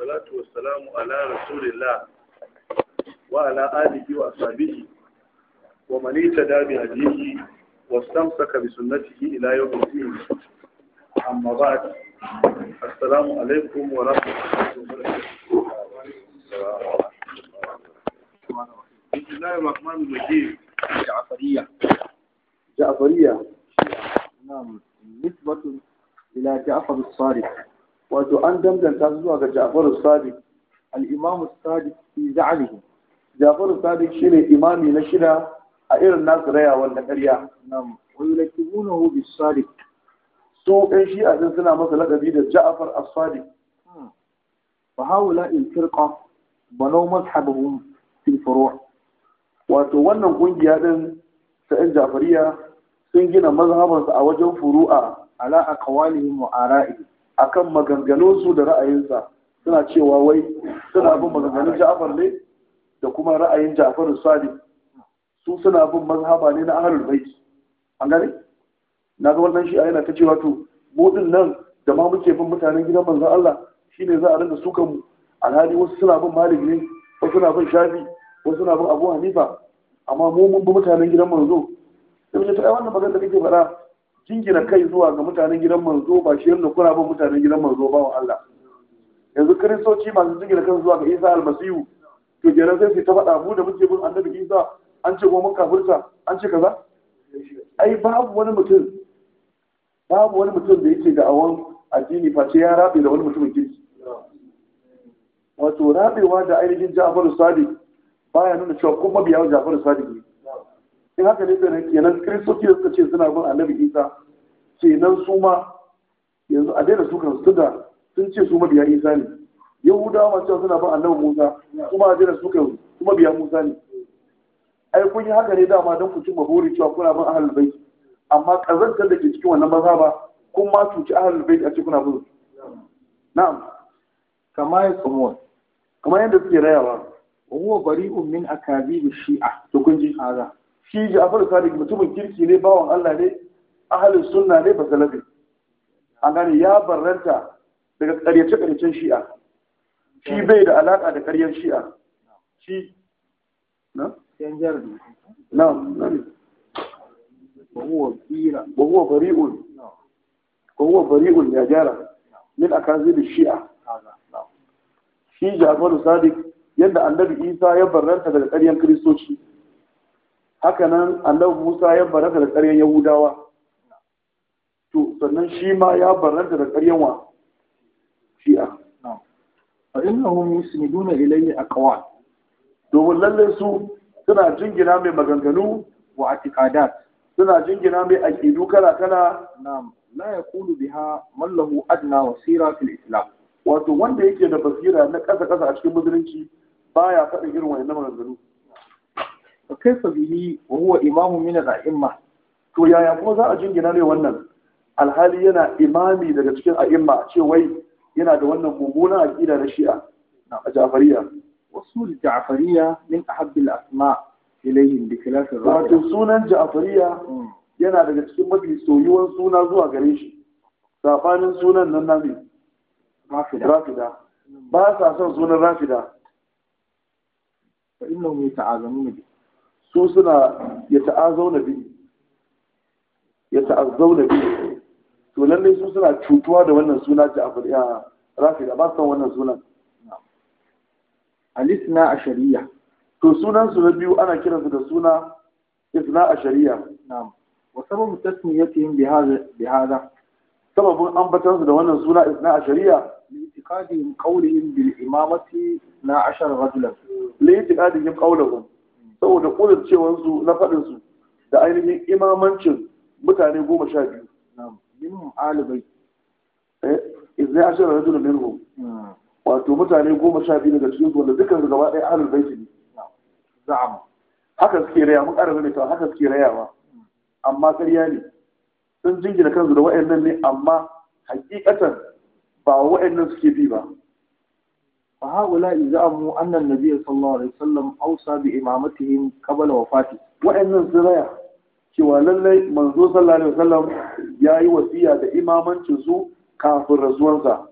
salatu wa salamu ala rasulillah wa ala alihi wa ashabihi wa man ittaba bi hadihi wa istamsaka bi sunnatihi ila yawm din amma ba'd assalamu alaikum wa rahmatullahi wa barakatuh نعم نسبة إلى جعفر الصادق wato an danganta su zuwa ga Ja'faru Sadiq al-Imam Sadiq fi zalihi Ja'faru Sadiq shine imami na shida a irin nasu rayawan na ƙarya nam wa yulakibunahu bi Sadiq su shi a din suna masa ladabi da Ja'far as-Sadiq fa hmm. haula in firqa banu mazhabuhum fil furu' wato wannan kungiya din ta ɗan Ja'fariya sun gina mazhabansu a wajen furu'a ala aqwalihim wa ara'ihim akan su da ra'ayinsa suna cewa wai suna bin maganganun Ja'far ne da kuma ra'ayin Ja'far Sadiq su suna bin mazhaba ne na Ahlul Bait an gane na ga wannan shi a yana ta cewa to mu din nan da ma muke bin mutanen gidan manzon Allah shine za a rinka sukan mu alhali wasu suna bin Malik ne wasu suna bin Shafi wasu suna bin Abu Hanifa amma mu mun bi mutanen gidan manzo sai ta wannan magana da kake fara jingina kai zuwa ga mutanen gidan manzo ba shi yadda kuna ba mutanen gidan manzo ba wa Allah yanzu kiristoci masu jingina kan zuwa ga Isa almasihu to kenan sai su ta faɗa mu da muke bin annabi Isa an ce goma mun kafirta an ce kaza ai babu wani mutum babu wani mutum da yake da awon addini face ya rabe da wani mutumin kirki wato rabewa da ainihin Ja'far Sadiq baya nuna cewa kuma biya Ja'far Sadiq ne in haka ne kenan kenan kiristoci da suka ce suna bin annabi isa kenan su ma yanzu a daina su kan su da sun ce su mabiya isa ne yahudawa cewa suna bin annabi musa kuma a daina su kan su mabiya musa ne ai kun yi haka ne dama don ku cimma buri cewa kuna bin ahlul bai amma kazantar da ke cikin wannan ba, kun ma cuci ahlul bai a ce kuna bin na'am kama ya tsamuwa kama yadda suke rayawa wa huwa bari'un min akabi shi'a to kun ji hada shi Ja'far Sadiq mutumin kirki ne bawan Allah ne ahalin sunna ne ba salafi an gane ya barranta daga ƙaryace-ƙaryacen shi'a shi hmm. bai da alaƙa da ƙaryar shi'a shi na? na na wahuwa bari'un wahuwa bari'un ya gyara min akazir shi'a shi jafaru sadiq yadda annabi isa ya barranta daga ƙaryar kiristoci hakanan Allah Musa ya baranta da ƙaryan Yahudawa to sannan shi ma ya baranta da ƙaryan wa shi'a fa innahum yusniduna ilayhi aqwa domin lallai su suna jingina mai maganganu wa atiqadat suna jingina mai aqidu kala kala na'am la yaqulu biha man lahu adna wasira fil islam wato wanda yake da basira na kasa kasa a cikin musulunci baya faɗin irin wannan maganganu fa kaifa bihi wa huwa imamu min al-a'imma to yaya kuma za a jingina ne wannan alhali yana imami daga cikin a'imma ce wai yana da wannan mummunan aqida na shi'a na ja'fariya wasu ja'fariya min al asma ilayhi bi khilaf ar-rabi sunan ja'fariya yana daga cikin mafi soyuwan suna zuwa gare shi safanin sunan nan bi rafida ba sa son sunan rafida fa innahu yata'azamuna bi su suna ya ta'azau na biyu ya ta'azau na biyu to lallai su suna cutuwa da wannan suna ta abu ya rafi da ba san wannan sunan alisna a shari'a to sunan su na biyu ana kiransu da suna isna a shari'a na'am wa sababu tasmiyatihim bi hadha bi hadha sababun ambatansu da wannan suna isna a shari'a li'tiqadihim qawlihim bil imamati 12 rajulan li'tiqadihim qawlahum saboda ƙudurcewansu na faɗinsu da ainihin imamancin mutane goma sha biyu minhum alibai eh idan ashara hmm. wato mutane goma sha biyu daga cikin wanda dukkan su gaba ɗaya ahlul baiti ne za'am haka suke raya mun ƙara ne haka suke rayawa hmm. amma ƙarya ne sun jingina kansu da wa'annan ne amma hakikatan ba wa'annan suke bi ba فهؤلاء زعموا أن النبي صلى الله عليه وسلم أوصى بإمامتهم قبل وفاته وإن زرايا cewa lallai manzo sallallahu alaihi wasallam ya yi wasiya da imamancin su kafin rasuwarsa